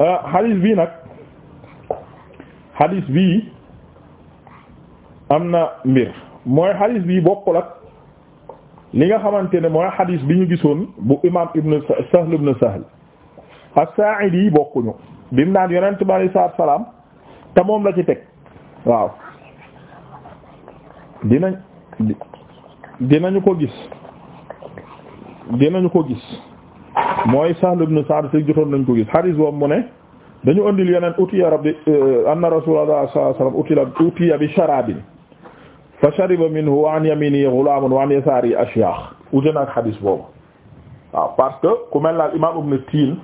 Euh, hadis bii nag hadis bii am na mbir mooy hadis bii bokk ak li nga xamante ne mooy hadis bi ñu gisoon bu imaam ibn Sahl ibn Sahl as-Saa'idi bokkuñu bim naan yonent bi alayhi salaatu salaam te moom la ci teg waaw dina dinañ dinañu ko gis dinañu ko gis mooy Sahl ibn Sa'd si jotoon nañ ko gis hadis boobu mu ne dañu andil yeneen utiya rabbi eh, anna rasulullah sallallahu wa sallam utiya bi sharabin fa shariba minhu wa an yaminihi ghulamun wa an ashyakh ute naag hadis parce que ku mel imam ibn Tin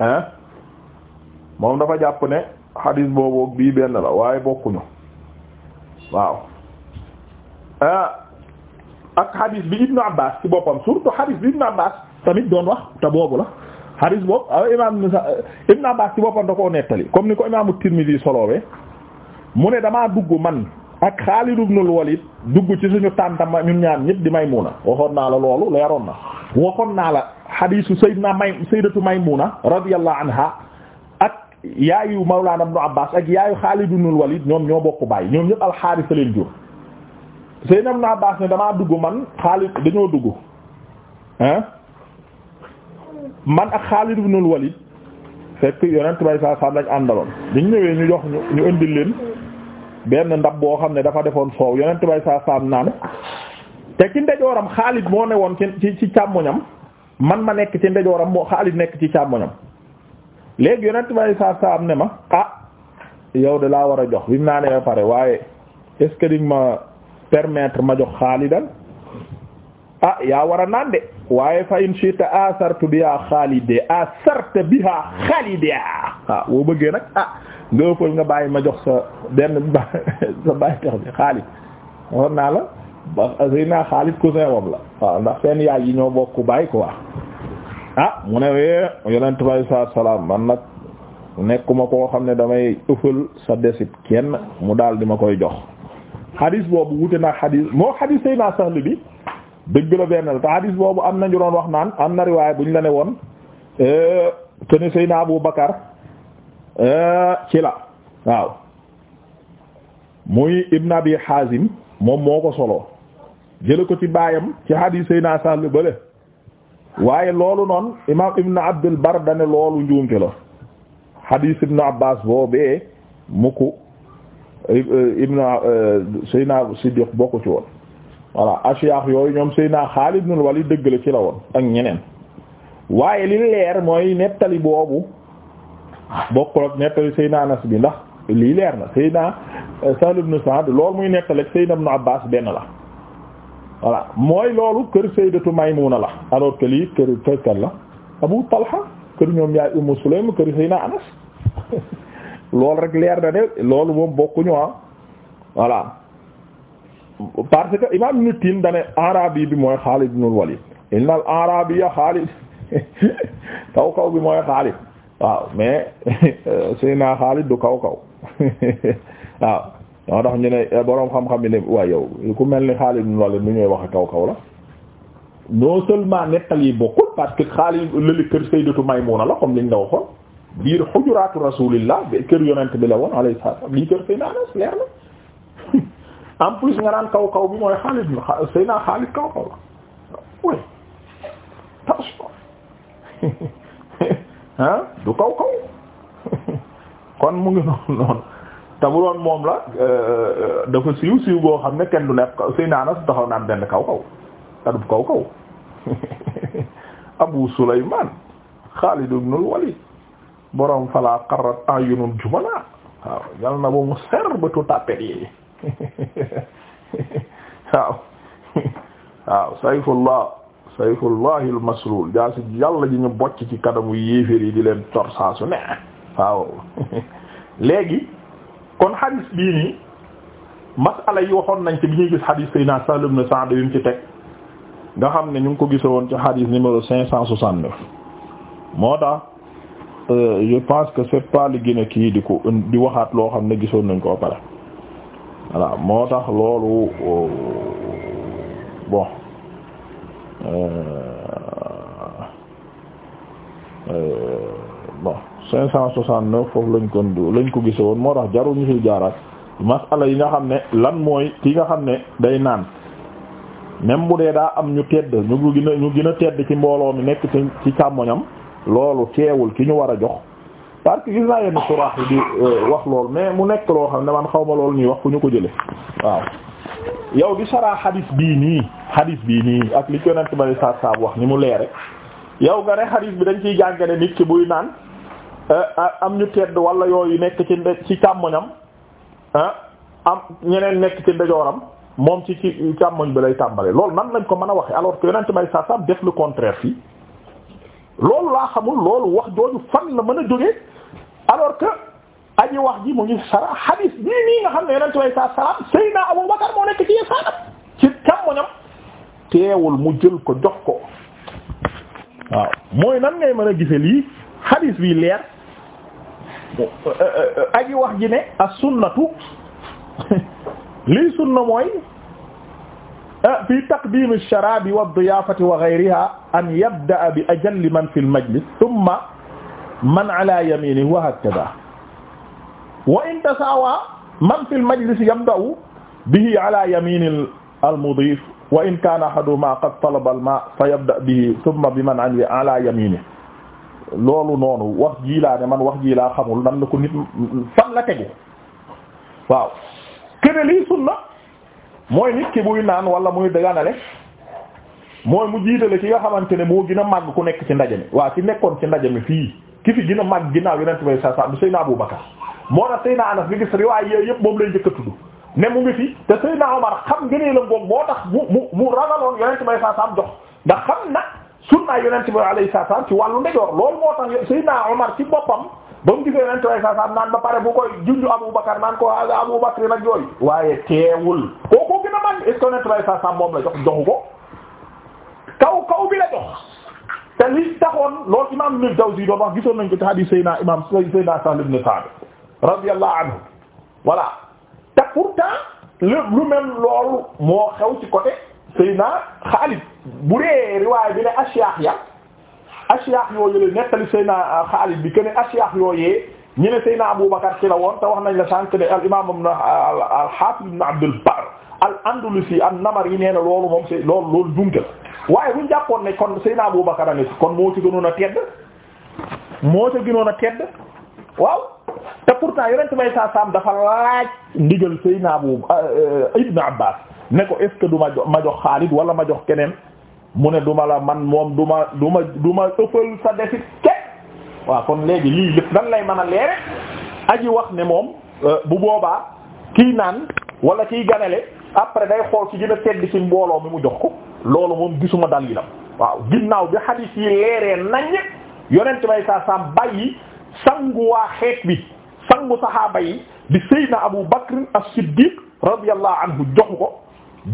hein moom dafa jàpp ne hadis boobu bii la waaye bokkuñu waaw eh, ak hadis bi Ibn Abbas ci boppam surtout hadis bi Ibn Abbas tamit doon wax te boobu la hadis boobu ah, imam ibn Abbas ci boppam da koo nettali comme ni ko imaamu Tirmidhi solowee mu ne damaa dugg man ak Xaalid ibn walid dugg ci suñu ma ñun ñaar ñëpp di Maymuna waxoon naa la loolu leeroon na woxoon naa la hadisu sayyidina may sayyidatu Maymuna radiyallahu anha ak yaayu Mawlana ibn Abbas ak yaayu Xaalid ibn al-Walid ñoom ñoo bokk bàyyi ñoom ñëpp al-Haaris leen jur sayyidina ibn Abbas ne damaa dugg man Xaalid dañoo dugg man ak Xaalid ibnul Walid fekk yonent bay saa saam lañ àndaloon biñ ñëwee ñu jox ñu indi leen benn ndab boo xam ne dafa defoon soow yonent bay saa saam naan te ci ndejooram Xaalid moo ne woon ci ci càmmoñam man ma nekk ci ndejooram moo Xaalid nekk ci càmmoñam léegi yonent bay saa saam ne ma ah yow de laa war a jox bi mu naanee ba pare waaye est ma permettre ma jox Xaalidan ah yaa war a naan de waaye fa in shi'ta asartu biha xaalide asarta biha ah boo bëggee nag ah nga ëppal nga bàyyi ma jox sa benn sa bàyyi tax bi xaalid naa la sëy naa xaalid cousin wam la waaw ah, ndax seen yaay yi ñoo bokk bàyyi ko wax ah mu ne wee eh, yonent bi saa salaam man nag nekkuma koo xam ne damay ëffal sa desit kenn mu daal di ma koy jox xadiis boobu wute naa xadiis moo xadiis sëy naa saxli bi dëgg la benn la te hadis boobu am nañu doon wax naan am na riwaay bu ñu la ne woon euh, que ne Seyna Abu Bakar euh, ci la waaw muy Ibn Abi Hazim moom moo ko solo jële ko ci baayam ci hadis Seyna Sall bële waaye loolu noonu imaam Ibn Abdul Bar dane loolu njuumte la hadis Ibn Abbas boobee mukk Ibn euh, Seyna Siddiq bokku ci woon. voilà ashiyax yooyu ñoom Seydina Xaalid ibn Walid dëgg la ci la woon ak ñeneen waaye li leer mooy nettali boobu bokkul ak nettali Seydina Anas bi ndax lii leer na Seydina euh, Sahl ibn Sa'd muy nettali ak Seydina Ibn Abbas benn la voilà mooy loolu kër Sayyidatu Maymuna la alors que kër la Abu Talha kër ñoom yaay Anas loolu rek leer na de loolu moom bokkuñu ah voilà parce que imam Ibn Tin dane arabi bi mooy Xaalid ibn Walid inna al arabiya Xaalid kaw kaw bi mooy Xaalid waaw mais suy Xaalid du kaw kaw waaw ñoo tax ñu ne boroom xam-xam bi waaye yow ku mel ni Xaalid ibn Walid nu ñuy kaw kaw la non seulement nettal yi bokkul parce que Xaalid lëli kër Sayyidatu Maymuna la comme liñ la waxoon biir xujuraatu Rasulillah kër yonent bi la woon alayhi salaam lii kër Sayyidina Anas leer na en plus nga naan kaw kaw bi mooy Xaalid la sëy naa Xaalid kaw kaw la oui attention ah moom la euh, euh, dafa siiw siiw boo xam ne kenn du nekk sëy naa na su taxaw naan benn kaw kaw te du kaw kaw Abu Sulaymaan Xaalid ibnul Waliid borom falaa qarrat ayunul jumala waaw yal na ba mu ser ba tu tàppet yi waaw waaw sayfullah sayfullahi almaslul jaa si yàlla ji ñu bocc ci kanamu yéeféer yi di leen cor saa su léegi kon xadis bii nii masala yi waxoon nañ ci bi ñuy gis xadis sayna Sahl ibn Sa'd bi mu ci teg nga xam ne ñu ngi ko gisoon ci xadis numéro cinq cent soixante-neuf moo tax euh, je pense que c'est pas li gën kii di ko di waxaat loo xam ne gisoon nañ koo pare voilà moo tax loolu bon euh, euh, bon cinq cent soixante neuf foofu lañ kon lañ ko gise woon moo tax jaru ñu fi jaaraat masala yi nga xam ne lan mooy ki nga xam ne day naan même bu dee daa am ñu tedd ñu gën a ñu gën a tedd ci mbooloo mi nekk ci ci càmmoñam loolu teewul ki ñu war a jox parce que gis naa yenn suraax yi di euh, wax lool mais mu nekk loo xam ne man xaw ma loolu ñuy wax ku ñu ko jële waaw yow di saraa xadis bii nii xadis bii nii ak li ko yonent bari saab saab wax ni mu leere yow nga ne xadis bi dañ ciy jàngale nit ci buy naan euh, am ñu tedd wala yooyu nekk ci nde ci càmmoñam ah, am ñeneen nekk ci ndejooram moom ci ci càmmoñ bi lay tàmbali lool nan lañ ko mën a waxee alors que yonent bari saab saab def le contraire fii loolu laa xamul loolu wax jooju fan la mën a jógee alors que aji wax ji mu ngi sara hadis nga xam ne yonent way sa salam Seydina Abu Bakar moo nekk ci yesaanam ci càmmoñam ko jox ko waaw mooy nan ngay mën a gise lii hadis bi leer euh, euh, euh, aji wax ji ne as sunnatu sunna mooy ah, fi taqdim ash-sharabi wa ad-diyafati wa ghayriha an yabda bi ajalli man fi al-majlis man ala yamini wa hakada wa in tasaawa man fil majlis yabda'u bihi ala yamini al mudif wa in kaana ahaduhumaa qad talaba al maa fa yabda bihi thumma bi man ala yamini loolu noonu wax jii laa ne man wax jii laa xamul nan la ko nit fan la tegu waaw kene lii sunna mooy nit ki buy naan wala muy daganale mooy mu jiitale ki nga xamante ne moo gën a màgg ku nekk ci ndaje mi waaw ci nekkoon ci ndaje mi fii ki fi gën a mag ginnaaw yonent bay sa sa du Seydina Abu Bakar moo tax Seydina Anas bi gis riwaay yooyu yëpp moom lay njëkk a tudd ne mu ngi fi te Seydina Omar xam ngënee la ngoog moo tax mu mu mu ragaloon yonent bay sa sam jox ndax xam na sunna yonent bi alayhi salaam ci wàllu ndejoor loolu moo tax Seydina Omar ci boppam ba mu gisee yonent bay sa sam naan ba pare bu koy junj Abu Bakar naan ko Abu Bakar nag yooyu waaye teewul kooku gën a mag est sa moom la jox joxu ko kaw kaw bi la te li lool loolu imaam Ibn Jawzi wax gisoon nañ ko ci hadith Seydina imaam Seydina Sahl ibn Sa'd radiyallahu anhu voilà te pourtant lu même loolu moo xew ci côté Seydina Xaalid bu dee riwaay bi ne ashyaax ya ashyaax yooyu nettali Seydina euh, Xaalid bi que ne ashyaax yooyee ñu ne Seydina Abubakar ci la woon te wax nañ la sànq ne al imaam al euh, al Haafiz Abdul Barr al andalusi am namar yi nee na loolu moom c'est loolu loolu jumte la waaye buñ jàppoon ne kon Seydina Abu Bakar a kon moo ci gënoon a tedd moo ci gënoon a tedd waaw te pourtant yonent may saa saam dafa laaj ndigal Seydina Abu euh, Ibn Abbas ne ko est du ma jox ma jox Xaalid wala ma jox keneen mu ne duma la man moom du ma du ma du ma ëppal sa desit ket waaw kon léegi lii lépp nan lay mën a leere aji wax ne moom euh, bu boobaa kiy naan wala kiy ganale après day xool ci gën a tedd ci mbooloo mi mu jox ko loolu moom gisuma dalilam waaw ginnaaw bi xadiis yi leeree nañ yonent bay saa saam bàyyi sangu waa xeet bi sangu saxaaba yi di Seydina Abu Bakr as-Siddiq radiyallahu anhu jox ko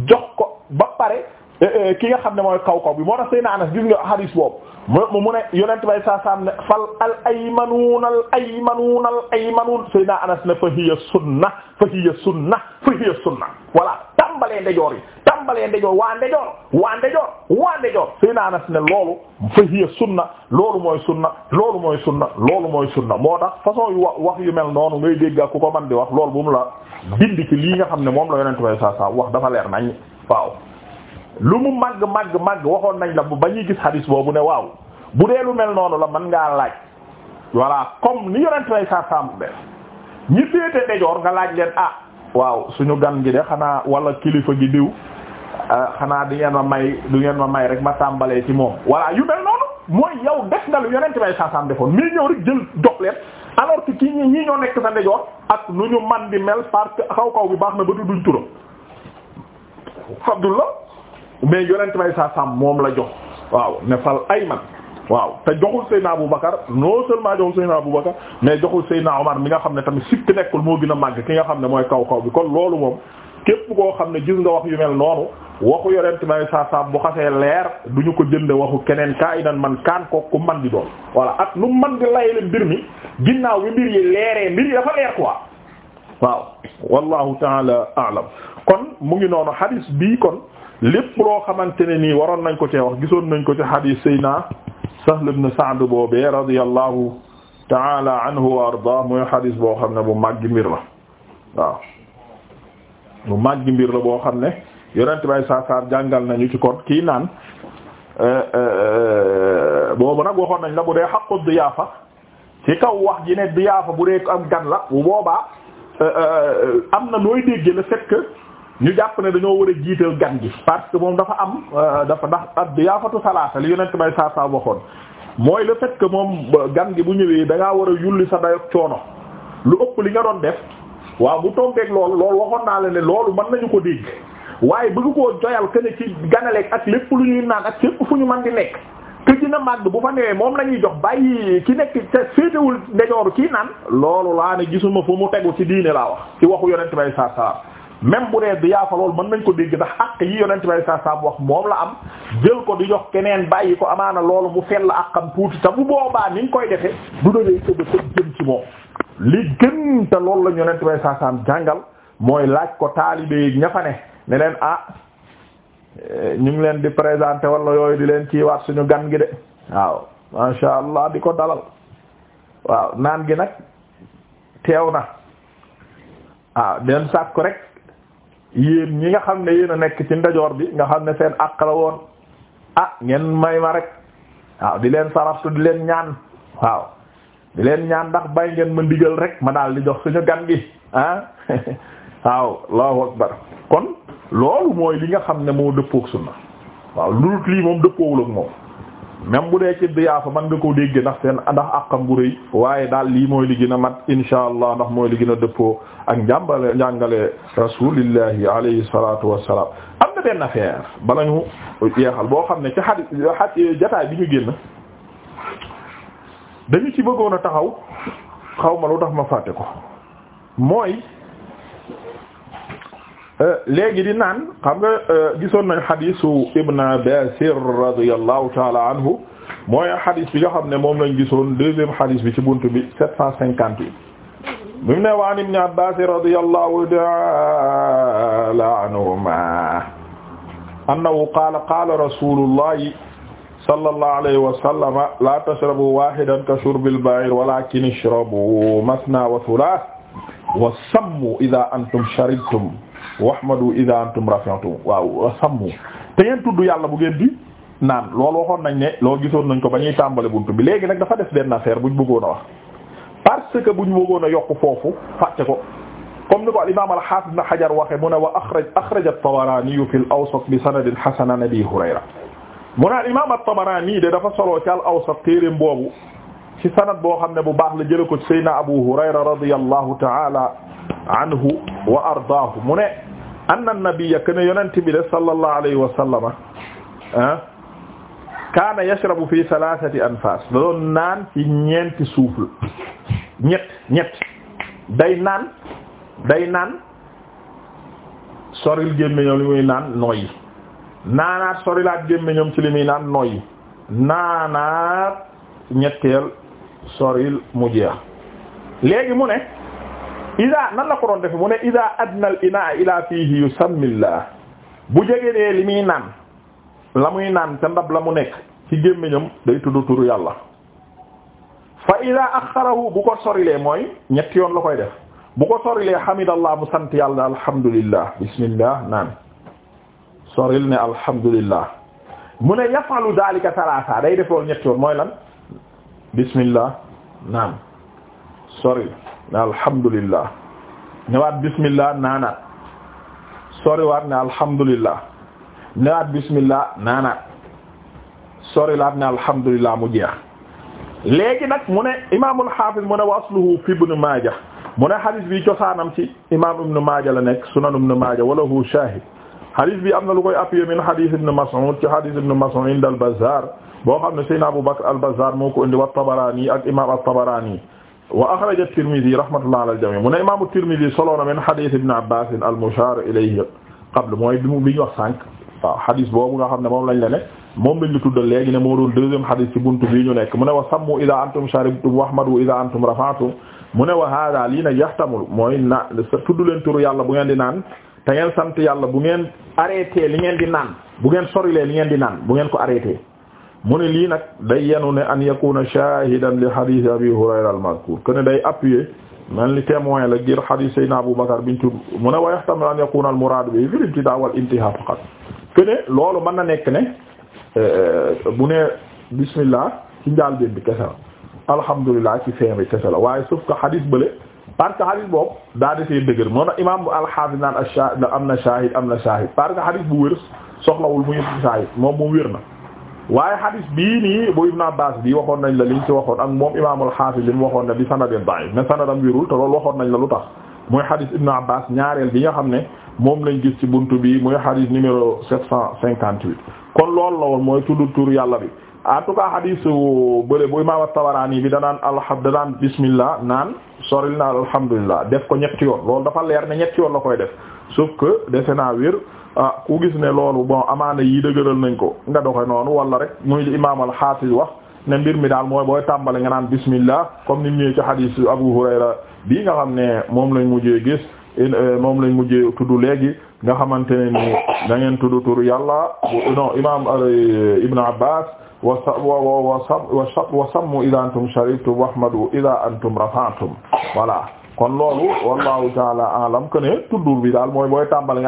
jox ko ba pare Eh, eh, ki nga xam ne mooy kaw kaw bi moo tax na Anas gis nga hadis boobu mu mu ne yonent bay saa saam ne fal al aymanuun al aymanuun al aymanuun Seydina Anas ne fa hiya sunna fa hiya sunna fa hiya sunna voilà tàmbalee ndejoor yi tàmbalee ndejoor waa ndejoor waa ndejoor waa ndejoor Seydina Anas ne loolu fa hiya sunna loolu mooy sunna loolu mooy sunna loolu mooy sunna moo tax façon yu wax yu mel noonu ngay dégg ku ko man di wax loolu bu mu la bind ci lii nga xam ne moom la yonent bay saa saam wax dafa lu mu màgg màgg màgg waxoon nañ la ba ñuy gis hadis boobu ne waaw bu dee lu mel noonu la man ngaa laaj voilà comme ni yonent lay sa sam def ñi féete dejoor nga laaj leen ah waaw suñu gan gi de xanaa wala kilifa gi diw ah, xanaa di ngeen ma may du ngeen ma may rek ma tàmbalee ci moom voilà yu mel noonu mooy yow def nga lu yonent lay sa sam defoon mii ñëw rek jël jox leen alors que kii ñi ñii ñoo nekk sa dejoor ak nu ñu man di mel parce que xaw kaw bi baax na ba tudduñ turam mais yonent may saa sam moom la jox waaw ne fal ayman waaw te joxul Seydina Aboubacar non seulement joxul Seydina Aboubacar mais joxul Seydina Omar mi nga xam ne tamit sikk nekkul moo gën a màgg ki nga xam ne mooy kaw kaw bi kon loolu moom képp koo xam ne gis nga wax yu mel noonu waxu yorent may saa saa bu xasee leer du ñu ko jënde waxu keneen kaa inan man kaan ko ku man di doon voilà ak nu man di layale mbir mi ginnaaw bi mbir yi leeree mbir yi dafa leer quoi waaw wallahu taala alam kon mu ngi noonu hadis bii kon lépp loo xamante ne nii waroon nañ ko cee gisoon nañ ko ci hadith sayna Sahl ibn Sa'd boobee radiyallahu taala anhu wa ardaa mooy hadith boo xam ne bu màggi mbir la waaw bu màggi mbir la boo xam ne yonent bay saasaar jàngal nañu ci kon kii naan euh, euh, boobu nag waxoon nañ la bu dee xaqu diyaafa ci kaw wax ji ne diyaafa bu dee am gan la bu booba euh, am na nooy dégg le fait ñu jàpp ne dañoo war a jiite gan gi parce que moom dafa am euh, dafa dax ndax ad yaafatu salaasa li yonent bay saa saa waxoon mooy le fait que moom gan gi bu ñëwee da war a yulli sa dayok coono lu ëpp li nga doon def waaw bu tombeeg loolu loolu waxoon naa la ne loolu mën nañu ko dégg waaye bëgg koo joyal que ne ci ganaleeg ak lépp lu ñuy naan ak lépp fu ñu man di nekk te dina màgg bu fa newee moom la ñuy jox bàyyi ki nekk te féetewul ndejooru kii naan loolu laa ne gisuma fu mu tegu ci laa wax ci waxu yonent bay saa saa même bu dee yaa fa loolu mën nañ ko dégg ndax àq yi yonent bay saa saam wax moom la am jël ko di jox keneen bàyyi ko amaana loolu mu fel la xam tuuti te bu boobaa ni koy defe du dadee tëdd ko jëm ci moom li gën te loolu la ñu yonent bay saa saam jàngal mooy laaj ko taalibe ña fa ne ne leen ah ñu ngi leen di présenté wala yooyu di leen ci waat suñu gan gi de waaw masha Allah di ko dalal waaw naan gi nag teew na waaw den sàkk rek yéen ñi nga xam ne yéen a nekk ci ndajoor bi nga xam ne seen àq la woon ah ngeen may ma rek waaw di leen saraftu di leen ñaan waaw di leen ñaan ndax bay ngeen ma ndigal rek ma daal di jox suñu gan gi ah waaw allahu akbar kon loolu mooy li nga xam ne moo dëppook sunna waaw lu dul lii moom dëppoowul ak moom même bu dee ci diyaafa man nga ko dégg ndax seen ndax àqam bu rëy waaye daal lii mooy li gën a mat insha allah ndax mooy li gën a dëppoo ak njàmbale njàngale rasulillahi alayhi salatu wassalam am na benn affaire bala ñu jeexal boo xam ne ci xadi xat jataay bi ñu génn dañu ci bëggoon a taxaw xaw ma lu tax ma fàtte ko mooy léegi di naan xam nga euh, gisoon nañ xadisu Ibn Abbas radiyallahu taala anhu mooy xadis bi nga xam ne moom lañ gisoon deuxième xadis bi ci buntu bi sept cent cinquante yi bi mu ne wa an Ibn Abbas radiyallahu taala anhuma annahu qaala qaala rasulullahi sallallahu alayhi wa sallam la tashrabu wahidan ka shurbil ba'ir walakin ishrabu masna wa thulath wa sammu idha antum sharibtum wahmadu idha antum rafi'tum waaw sammu te ngeen tudd yàlla bu ngeen di naan loolu waxoon nañ ne loolu gisoon nañ ko ba ñuy tàmbale buntu bi léegi nag dafa def benn affaire buñ bëggoon a wax parce que buñ bëggoon a yokk foofu fàtte ko comme ni ko al imam al hafiz ibn hajar waxe mu ne wa akhraj akhraj at-tabarani fi al-awsat bi sanadin hasan an abi hurayra mu ne al imam at-tabarani de dafa soloo ci al-awsat téereem boobu ci sanad boo xam ne bu baax la jële ko ci sayyidina abu hurayra radiyallahu ta'ala anhu wa ardaahu mu ne anna nabiyya kana yonent bi de sallallahu alayhi wa sallama ah kaana yashrabu fi thalathati anfas da doon naan ci ñeenti souffle ñett ñett day naan day naan soril gémmiñam li muy naan nooyi naanaat sorilaat gémmiñam ci li muy naan nooyi naanaat ñetteel soril mu jeex léegi mu ne ida nan la ko doon defe mu ne ida adna al ina ila fiihi yusammillah bu jegedee li muy naan la muy naan ca ndab la mu nekk ci gémmiñam day tudd turu yàlla fa ida axarahu bu ko sorilee mooy ñetti yoon la koy def bu ko sorilee hamidallah mu sant yàlla alhamdulillah bismillah naan soril ne alhamdulillah mu ne yafalu daalika salaasa day def loolu ñetti yoon mooy lan bismillah naan soril ne alhamdulillah newaat bismillah naanaat soriwaat ne alhamdulillah newaat bismillah naanaat sorilaat ne alhamdulillah mu jeex léegi nag mu ne imaamul hafiz mu ne wasluhu fi ibn Maaja mu ne hadis bi cosaanam ci imaam ibn Maaja la nekk sunan ibn Maaja wala hu shahid hadis bi am na lu koy appuyé min hadis ibn Mas'ud ci hadis ibn Mas'ud inda al-Bazzar boo xam ne Seydina Abu Bakr al-Bazzar moo ko indi wa Tabarani ak imaam at-Tabarani wa axraja Tirmidi rahmatullah ala al-jamii mu ne imaamu Tirmidi solo na min xadis Ibn Abbas al-mushaar ilayhi qabla mooy bi mu bi ñu wax sànq waaw xadis boobu nga xam ne moom lañ la ne moom lañ la tuddal léegi ne moo doon deuxième xadis ci buntu bii ñu nekk mu ne wa sammu idaa antum sharibtum wahmadu idaa antum rafa'tum mu ne wa haadaa lii nag yaxtamul mooy na tudd leen turu yàlla bu ngeen di naan te ngeen sant yàlla bu ngeen arrêté li ngeen di naan bu ngeen sorilee li ngeen di naan bu ngeen ko arrêté mu ne lii nag day yenu ne an yakuna shahidan li hadith abi hurayra al-mazkur kon day appuyer man li témoin la ngir hadith sayna abu bakar biñ tudd mu ne wa yahtamil an yakuna al-murad bi fil ibtida wal intiha faqat kon loolu mën na nekk ne euh, bu ne bismillah ci njaal bén bi kese la alhamdulilah ci fin bi kese la waaye sauf que hadith bële parce que hadith boobu daa defee dëgër moo tax imaam al-hafiz naan am na shahid am na shahid parce que hadith bu wér soxlawul muy shahid moom moom wér na waaye hadis bii nii bu Ibn Abbas bi waxoon nañ la liñ ci waxoon ak moom imaamul xaafis li mu waxoon ne bi sanadin da'if ne sanadam wirul te loolu waxoon nañ la lu tax muy hadis Ibn Abbas ñaareel bi nga xam ne moom lañ gis ci buntu bi muy hadis numéro 758. kon loolu la woon mooy tudd tuur yàlla bi en tout cas hadis bële bu imaam at-Tabarani bi danaan alham danaan bismillah naan soril na alhamdulillah def ko ñett yoon loolu dafa leer ne ñetti yoon la koy def sauf que defe naa wir. ah ku gis ne loolu bon amaana yii dëgëral nañ ko nga doxe noonu wala rek muy imaam al-Hafiz wax ne mbir mi daal mooy booy tàmbale nga naan bismillah comme ni mu ñëwee ci hadith Abu Hurayra bii nga xam ne moom lañ mujjee gis euh, moom lañ mujjee tudd léegi nga xamante ne ni da ngeen tudd tur yàlla non imaam euh, Ibn Abbas wa sa wa wa wa sammu idha antum sharibtum wahmadu idha antum rafa'tum voilà kon loolu wallahu ta'ala a'lam que ne tuddul daal mooy booy tàmbale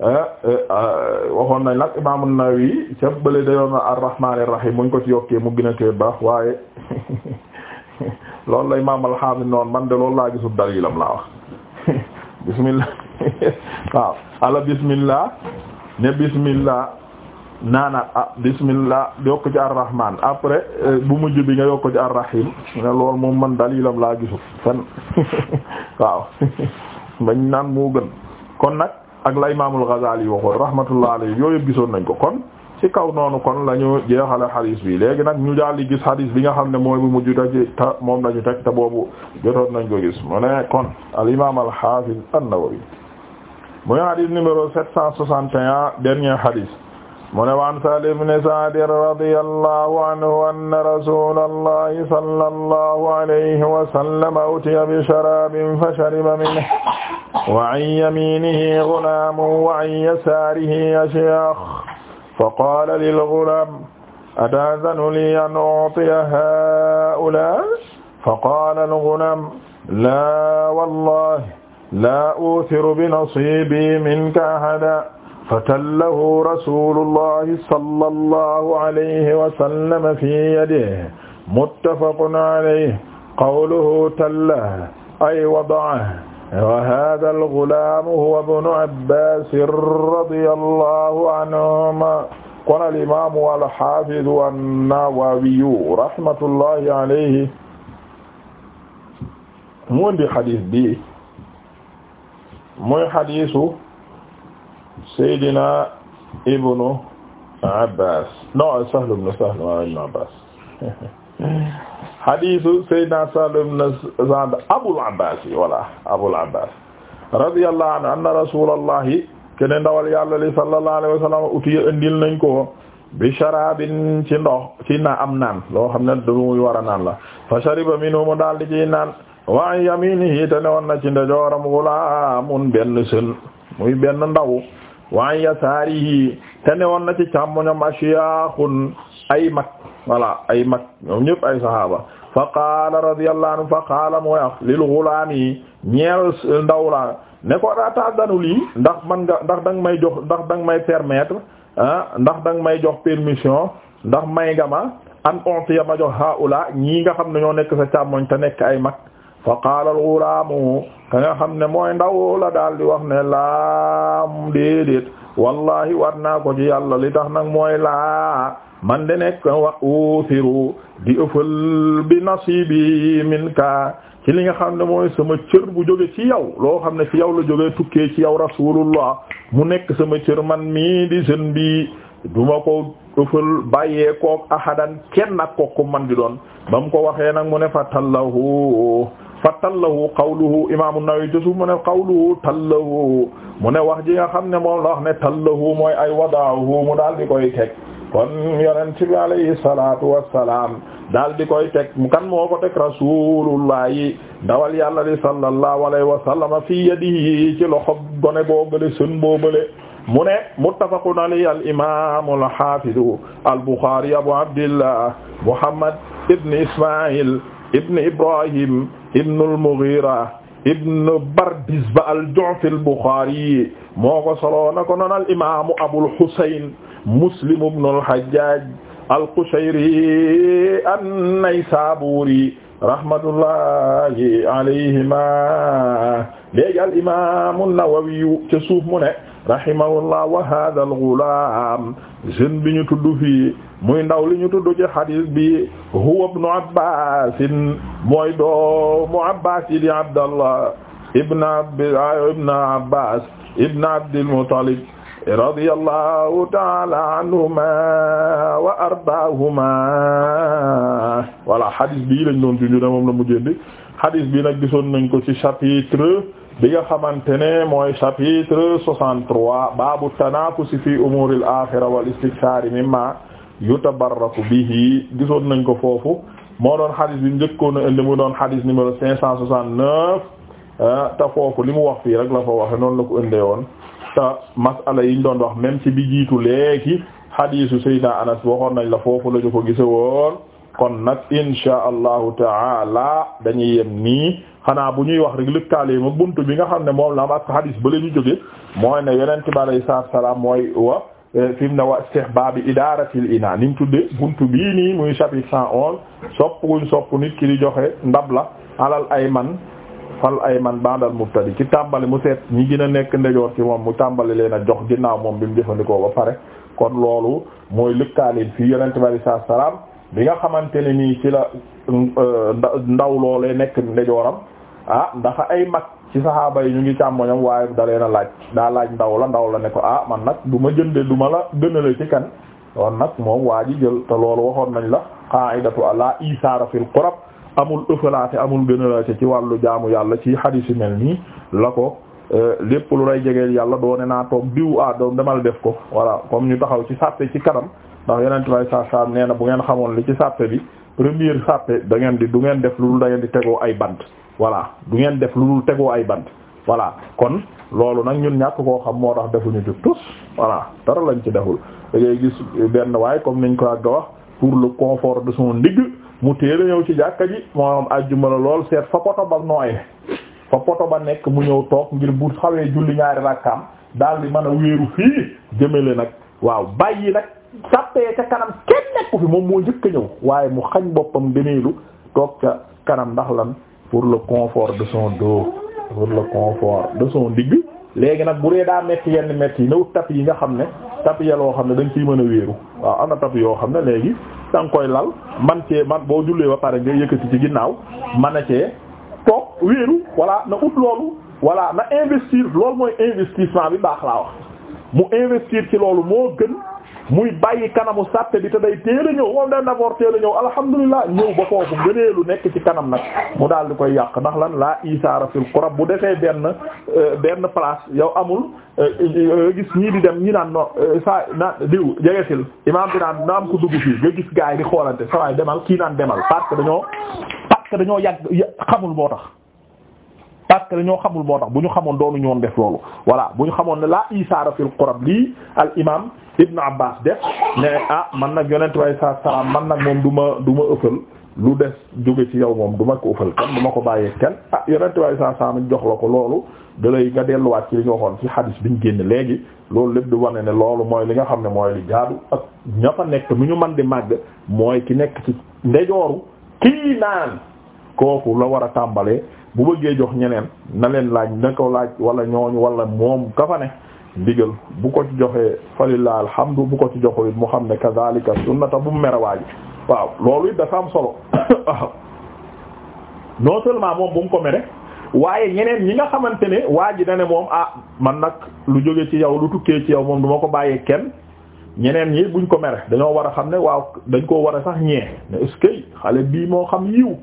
Eh, eh, eh, waxoon nañ nag Imaam an ca bële dayoon na ar-Rahmaan ar-Rahiim muñ ko ci yokkee mu gën a tee baax waaye loolu la Imaam al-Haafiz noonu man de loolu laa gisul dalilam laa wax bismillah waaw ala bismillah ne bismillah naanaat ah bismillah yokk ci ar après bu mujj bi nga yokk ci ar-Rahiim ne loolu moom man dalilam laa gisul fan waaw bañ naan moo gën kon nag ak la imaamul Ghazali waxoon rahmatullah alayhi yooyu gisoon nañ ko kon ci kaw noonu kon la ñu jeexale xadiis bi léegi nag ñu daal di gis xadiis bi nga xam ne mooy bu mujj te te moom na ñu teg te boobu jotoon nañ ko gis mu ne kon al imaam al haafiz an-Nawawi muy xadiis numéro 761 dernier xadiis mu ne waan Sahl ibn Sa'd radiyallahu anhu anna rasulallahi sallallahu alayhi wa sallam utiya bi sharabin fa shariba minhu wa an yaminihi ghulamun wa an yasarihi ashyakh fa qala lil ghulam ata'dhanu li an u'tiya ha'ula fa qala al ghulam la wallahi la uthiru bi nasibi minka ahada fatallahu rasulullahi sallallahu alayhi wa sallam fi yadihi muttafaqun alayhi qawluhu tallahu ay wada'ahu wa hadha al-ghulamu huwa ibnu abbasin radiyallahu anhuma kon al-imamu al-hafidu an-Nawawiyu rahmatullahi alayhi mu indi hadis bi muy hadisu Seydina Ibnu Abbas non Sahl ibn Sahl wa ibn Abbas hadiisu Seydina Sahl ibn Sa'd Abul Abbas voilà Abul Abbas radiyallahu anhu anna rasulallahi kene ndawal yàlla li sallallahu alayhi wa nañ ko bi sharabin ci am naan loo xam ne dumuy war a naan la fa shariba minhu mu daal di ciy naan wa an yaminihi te ne woon na ci ndejooram sën muy benn ndaw wa yasaarihi te ne woon na ci càmmoñam ashyaakhun ay mag voilà ay mag ñoom ñëpp ay sahaaba fa qaala radiyallahu anhu fa qaala mooy wax lil ghulaami ñeel ndaw ne ko ata'danu lii ndax man nga ndax danga may jox ndax danga may permettre ah ndax danga may jox permission ndax may nga ma an ontiya ma jox haula ñii nga xam ne ñoo nekk sa càmmoñ te nekk ay mag fa qaala al ka nga xam ne mooy ndaw la daal di wax ne laam déedéet wallahi war naa ko ci yàlla li tax nag mooy laa man de nekk wa usiru di ëffal bi nasibi minka ci li nga xam ne mooy sama cër bu jóge ci yow loo xam ne ci yow la jóge tukkee ci yow rasulullah mu nekk sama cër man mii di jeune bi duma ko ëffal bàyyee kook ahadan kenn ak kokku man di doon ba mu ko waxee nag mu ne fa tallahu fa tallahu qawluhu imaamu Nawawi ci suuf mu ne qawluhu tallahu mu ne wax ji nga xam ne moom la wax ne tallahu mooy ay wadaahu mu daal di koy teg kon yonent bi alayhi salaatu wassalaam daal di koy teg mu kan moo ko teg rasulullahi dawal yàlla di sallallahu alayhi wa sallama fi yadihi ci loxo gone boobale sën boobale mu ne muttafaqun alayhi al imamu alhafidu al-Bukhari abu abdillah Muhammad ibn Ismail ibn Ibrahim ibnu al-Mughira ibnu Bardizba al-Ju'fi al-Bukhari moo ko soloo na ko noon al-imaamu Abul Husayn Muslim ibnu al-Hajjaj al-Qushayri an-Naysaburi rahmatullahi alayhima léegi al-imaamu an-Nawawi ca suuf mu ne rahimahullah wa hadha al-ghulam jeune bi ñu tudd fii muy ndaw li ñu tudd ci hadis bi huwa ibnu abbas mooy doomu abbas yi di abdallah ibn abd ibn abbas ibn abdil muttalib radiyallahu ta'ala anhuma wa ardaahuma voilà hadis bii lañ doon tudd moom la mujjee hadis bi nag gisoon nañ ko ci chapitre bi nga xamante ne mooy chapitre 63 baabu tanafusi fi umuril axira wal istiksaari mimma yutabarraku bihi gisoon nañ ko foofu moo doon xadis bi njëkkoon a indi mu doon xadis numéro ta ah, te foofu li mu wax fii rek la fa waxe noonu la ko indee woon te masala yi ñu doon wax même ci bi jiitu léegi xadisu Seydina Anas waxoon nañ la foofu la ñu ko gise woon kon nag insha allahu taala dañuy yem nii xanaa bu ñuy wax rek lëkkaale ma buntu bi nga xam ne moom la am ak ba la ñu jóge mooy ne yeneen bi aleyi salaatu mooy wa eh, fi mu ne wa istihbaabi idaaratil ina ni mu tudde buntu bii nii muy chapitre cent onze sopp guñ sopp nit ki di joxe ndab la alal ayman fal ayman bandal mubtadi ci tàmbali mu seet ñi gën a nekk ndejoor ci moom mu tàmbali leen a jox ginnaaw moom bi mu jëfandikoo ba pare kon loolu mooy lëkkaalin fii yonente bi alai bi nga xamante ne nii ci la euh, ndaw loolee nekk ndejooram ah ndax ay mag ci saxaaba yi ñu ngi càmmoñam waaye da na laaj daa laaj ndaw la ndaw la ne ko ah man nag du ma jënde du ma la gënale ci kan kon nag moom waa ji jël te loolu waxoon nañ la qa'idatu ala isaara fil qurab amul ëffalaate amul gënalaate ci wàllu jaamu yàlla ci hadis yu mel nii la ko euh, lépp lu lay jegeel yàlla doone naa toog biw ah doom demal def ko voilà comme ñu taxaw ci sàppe ci kanam ndax yeneen tubaab yi sax nee na bu ngeen xamoon li ci sàppe bi première sàppe da ngeen di du ngeen def lu dul da ngeen di tegoo ay bant voilà du ngeen def lu dul tegoo ay bant voilà kon loolu nag ñun ñàkk koo xam moo tax defuñu ci tus voilà dara lañ ci deful da ngay gis benn waaye comme niñ ko àgg wax pour lu confort de son ndigg mu téela ñëw ci jàkka ji moo am àjjuma la lool seet fa poto ba nooy fa poto ba nekk mu ñëw toog ngir bu xawee julli ñaari rakkaam daal di mën a wéeru fii jëmale nag waaw bàyyi nag sàppee ca kanam kenn nekku fi moom moo jëkk a ñëw waaye mu xañ boppam gëneelu toog ca kanam ndax lan pour le confort de son dos pour le confort de son digg léegi nag bu dee daa metti yenn metti yi new tapi yi nga xam ne tapi yaloo xam ne dañ ciy mën a wéeru waaw am na tapi yoo xam ne léegi da koy lal man cee man boo jullee ba pare nga yëkkati ci ginnaaw man a cee toog wéeru voilà na ut loolu voilà na investir loolu mooy investissement bi baax laa wax mu investir ci loolu moo gën muy bàyyi kanamu sàppe bi te day teel a ñëw moom day d'abord teel a ñëw alhamdulilah ñëw ba foofu lu nekk ci kanam nag mu daal di koy yàq ndax lan laa isaara fil qurab bu defee benn euh, benn place yow amul euh, gis ñii di dem ñi naan no euh, saa na diw jegesil imaam bi naan na am ko dugg fii nga gis gaay di xoolante sawaay demal kii naan demal parce que dañoo parce que dañoo yàgg xamul moo tax parce que dañoo xamul moo tax bu ñu xamoon doonu ñoon def loolu voilà bu ñu xamoon ne la isaara fil qurab lii al imam ibn abbas def ne ah man nag yonent way sa salaam man nag moom du ma du ma ëffal lu des jóge ci yow moom duma ma ko ëffal kenn du ma ko bàyyee kenn ah yonent way sa salaam jox la ko loolu da yi nga delluwaat ci li ñu waxoon ci hadis bi ñu génn léegi loolu lépp di wane ne loolu mooy li nga xam ne mooy li jaadu ak ña fa nekk nu ñu man di màgg mooy ki nekk ci ndejooru kii naan kooku la war a tàmbalee bu bëggee jox ñeneen na leen laaj na ko laaj wala ñooñu wala moom ka fa ne ndigal bu ko ci joxee falillah alhamdu bu ko ci joxo it mu xam ne kazalika sunnata bu mu merawaaji waaw loolu it dafa am solo waaw non seulement moom bu mu ko mere waaye ñeneen ñi nga xamante ne waa ji na ne moom ah man nag lu jóge ci yow lu tukkee ci yow moom duma ko bàyyee kenn ñeneen ñi buñ ko mere dañoo war a xam ne waaw dañ koo war a sax ñee ne est xale bii moo xam yiw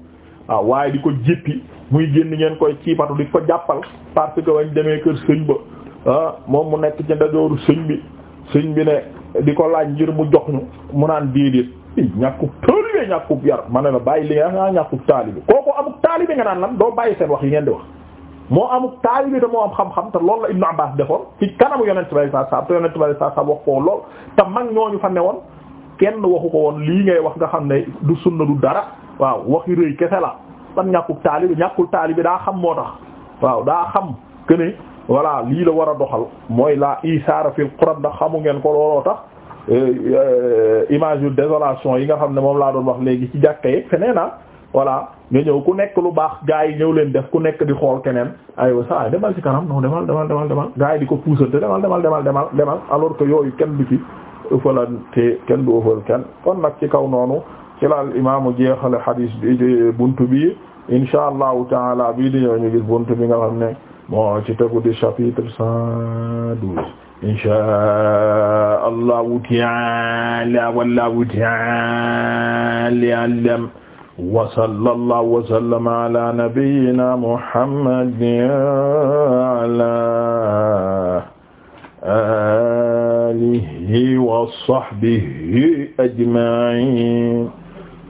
waaw waaye di ko jéppi muy génn ngeen koy ciipatu di ko jàppal parce que wañ demee kër sëñ ba ah, moom mu nekk ci ndajooru sëñ bi sëñ bi ne di ko laaj njir mu jox ñu mu naan déedéet ñàkkub taalibe ñàkkub yar ma ne la bàyyi li nga nga ñàkkub taalibe kooku amuk taalibe nga naan lan doo bàyyi seen wax yi ngeen di wax moo amuk taalibe te moo am xam-xam te loolu la Ibnu Abbaas defoon ci kanamu yonent bay sa sab te yonent bay sa sab wax ko lool te mag ñooñu fa ne woon kenn waxu ko woon lii ngay wax nga xam ne du sunna du dara waaw waxi rëy kese la ban ñàkkul taalibi ñàkkul taalibi daa xam moo tax waaw daa xam que ne lii la war a doxal mooy la isaara fil quran ndax xamu ngeen ko looloo tax euh, image yu désolation yi nga xam ne moom laa doon wax léegi ci jàkka yi feneen ah nga ñëw ku nekk lu baax gaa yi ñëw leen def ku nekk di xool keneen aywa saa demal ci kanam non demal demal demal demal gaa yi di ko puusante demal demal demal demal demal alors que yooyu kenn du ci ëffalante kenn du ëffal kenn kon nag ci kaw noonu ci la al imaamu jeexale xadiis bi buntu bi insha allahu taala bii di ñëw ñu gis buntu bi nga xam ne moo ci tegu di chapitre cent douze insha allahu taala wallahu taala alam wa sallallahu wa sallama ala nabiyyina muhammadin wa ala alihi wa sahbihi ajma'in